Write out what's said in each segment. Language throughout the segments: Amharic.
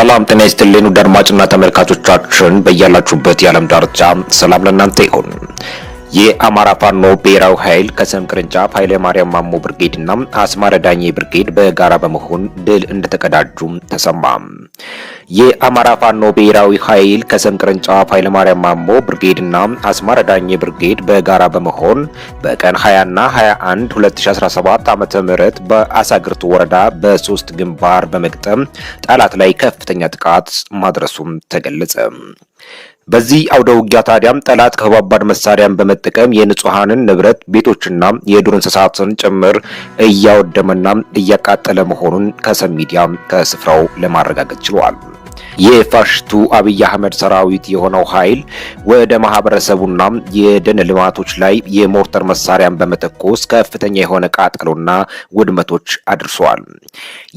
ሰላም ጤና ይስጥልን ውድ አድማጭና ተመልካቾቻችን በያላችሁበት የዓለም ዳርቻ ሰላም ለእናንተ ይሁን። የአማራ ፋኖ ብሔራዊ ኃይል ከሰም ቅርንጫፍ ኃይለ ማርያም ማሞ ብርጌድና አስማረ ዳኜ ብርጌድ በጋራ በመሆን ድል እንደተቀዳጁ ተሰማ። የአማራ ፋኖ ብሔራዊ ኃይል ከሰም ቅርንጫፍ ኃይለማርያም ማሞ ብርጌድና አስማረ ዳኘ ብርጌድ በጋራ በመሆን በቀን 20 ና 21 2017 ዓ.ም በአሳግርቱ ወረዳ በሶስት ግንባር በመግጠም ጠላት ላይ ከፍተኛ ጥቃት ማድረሱም ተገለጸ። በዚህ አውደ ውጊያ ታዲያም ጠላት ከባባድ መሳሪያን በመጠቀም የንጹሐንን ንብረት ቤቶችና የዱር እንስሳትን ጭምር እያወደመና እያቃጠለ መሆኑን ከሰብ ሚዲያ ከስፍራው ለማረጋገጥ ችሏል። የፋሽቱ አብይ አህመድ ሰራዊት የሆነው ኃይል ወደ ማህበረሰቡና የደን ልማቶች ላይ የሞርተር መሳሪያን በመተኮስ ከፍተኛ የሆነ ቃጠሎና ውድመቶች አድርሰዋል።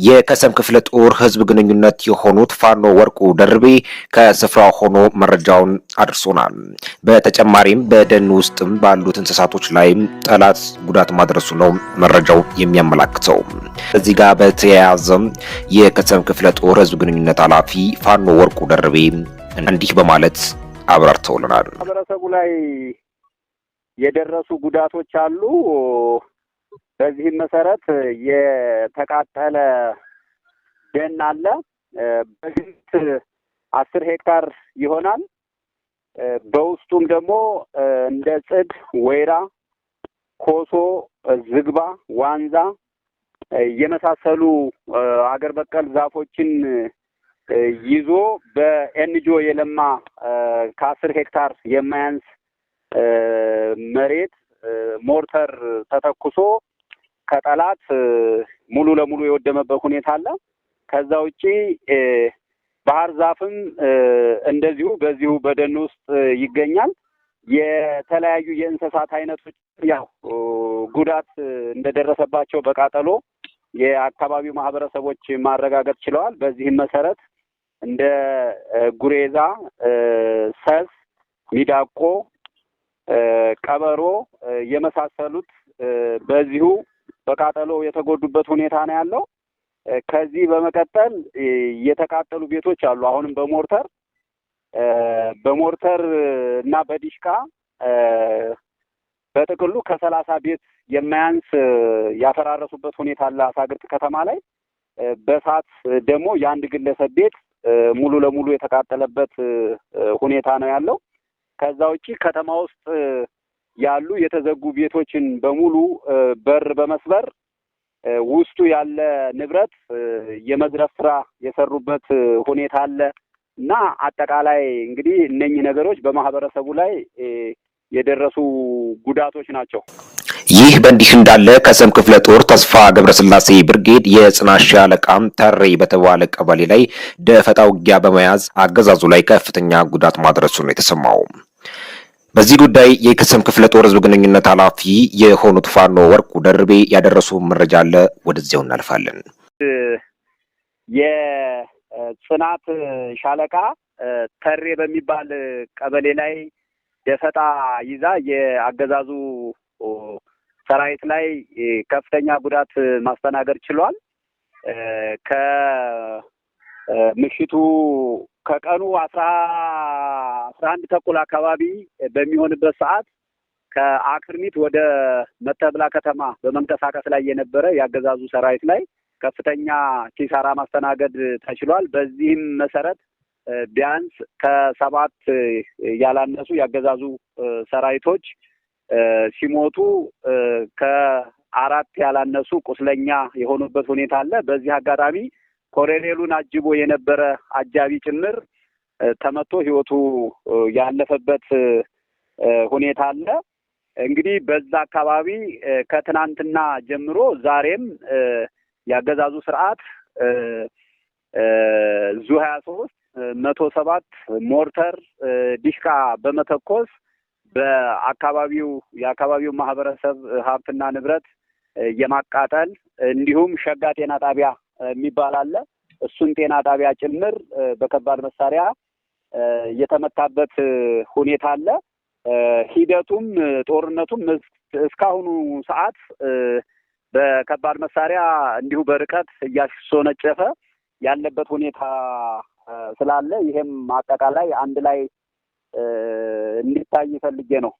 የከሰም ክፍለ ጦር ህዝብ ግንኙነት የሆኑት ፋኖ ወርቁ ደርቤ ከስፍራው ሆኖ መረጃውን አድርሶናል። በተጨማሪም በደን ውስጥም ባሉት እንስሳቶች ላይም ጠላት ጉዳት ማድረሱ ነው መረጃው የሚያመላክተው። እዚህ ጋር በተያያዘም የከሰም ክፍለ ጦር ህዝብ ግንኙነት ኃላፊ ፋኖ ወርቁ ደርቤ እንዲህ በማለት አብራርተውልናል። ማህበረሰቡ ላይ የደረሱ ጉዳቶች አሉ። በዚህም መሰረት የተቃጠለ ደን አለ። በግምት አስር ሄክታር ይሆናል። በውስጡም ደግሞ እንደ ጽድ፣ ወይራ፣ ኮሶ፣ ዝግባ፣ ዋንዛ የመሳሰሉ አገር በቀል ዛፎችን ይዞ በኤንጂኦ የለማ ከአስር ሄክታር የማያንስ መሬት ሞርተር ተተኩሶ ከጠላት ሙሉ ለሙሉ የወደመበት ሁኔታ አለ። ከዛ ውጪ ባህር ዛፍም እንደዚሁ በዚሁ በደን ውስጥ ይገኛል። የተለያዩ የእንስሳት አይነቶች ያው ጉዳት እንደደረሰባቸው በቃጠሎ የአካባቢው ማህበረሰቦች ማረጋገጥ ችለዋል። በዚህም መሰረት እንደ ጉሬዛ፣ ሰስ፣ ሚዳቆ፣ ቀበሮ የመሳሰሉት በዚሁ በቃጠሎ የተጎዱበት ሁኔታ ነው ያለው። ከዚህ በመቀጠል የተቃጠሉ ቤቶች አሉ። አሁንም በሞርተር በሞርተር እና በዲሽቃ በጥቅሉ ከሰላሳ ቤት የማያንስ ያፈራረሱበት ሁኔታ አለ አሳግርት ከተማ ላይ። በእሳት ደግሞ የአንድ ግለሰብ ቤት ሙሉ ለሙሉ የተቃጠለበት ሁኔታ ነው ያለው። ከዛ ውጪ ከተማ ውስጥ ያሉ የተዘጉ ቤቶችን በሙሉ በር በመስበር ውስጡ ያለ ንብረት የመዝረፍ ስራ የሰሩበት ሁኔታ አለ እና አጠቃላይ እንግዲህ እነኚህ ነገሮች በማህበረሰቡ ላይ የደረሱ ጉዳቶች ናቸው። ይህ በእንዲህ እንዳለ ከሰም ክፍለ ጦር ተስፋ ገብረስላሴ ብርጌድ የጽናሽ አለቃም ተሬ በተባለ ቀበሌ ላይ ደፈጣ ውጊያ በመያዝ አገዛዙ ላይ ከፍተኛ ጉዳት ማድረሱ ነው የተሰማው። በዚህ ጉዳይ የከሰም ክፍለ ጦር ህዝብ ግንኙነት ኃላፊ የሆኑት ፋኖ ወርቁ ደርቤ ያደረሱ መረጃ አለ። ወደዚያው እናልፋለን። የጽናት ሻለቃ ተሬ በሚባል ቀበሌ ላይ ደፈጣ ይዛ የአገዛዙ ሰራዊት ላይ ከፍተኛ ጉዳት ማስተናገድ ችሏል። ከምሽቱ ከቀኑ አስራ አስራ አንድ ተኩል አካባቢ በሚሆንበት ሰዓት ከአክርሚት ወደ መተብላ ከተማ በመንቀሳቀስ ላይ የነበረ የአገዛዙ ሰራዊት ላይ ከፍተኛ ኪሳራ ማስተናገድ ተችሏል። በዚህም መሰረት ቢያንስ ከሰባት ያላነሱ ያገዛዙ ሰራዊቶች ሲሞቱ ከአራት ያላነሱ ቁስለኛ የሆኑበት ሁኔታ አለ። በዚህ አጋጣሚ ኮሎኔሉን አጅቦ የነበረ አጃቢ ጭምር ተመቶ ሕይወቱ ያለፈበት ሁኔታ አለ። እንግዲህ በዛ አካባቢ ከትናንትና ጀምሮ ዛሬም ያገዛዙ ስርዓት ዙ ሀያ ሶስት መቶ ሰባት ሞርተር፣ ዲሽቃ በመተኮስ በአካባቢው የአካባቢው ማህበረሰብ ሀብትና ንብረት የማቃጠል እንዲሁም ሸጋ ጤና ጣቢያ የሚባል አለ። እሱን ጤና ጣቢያ ጭምር በከባድ መሳሪያ የተመታበት ሁኔታ አለ። ሂደቱም ጦርነቱም እስካሁኑ ሰዓት በከባድ መሳሪያ እንዲሁ በርቀት እያሶነጨፈ ያለበት ሁኔታ ስላለ ይሄም አጠቃላይ አንድ ላይ እንዲታይ ፈልጌ ነው።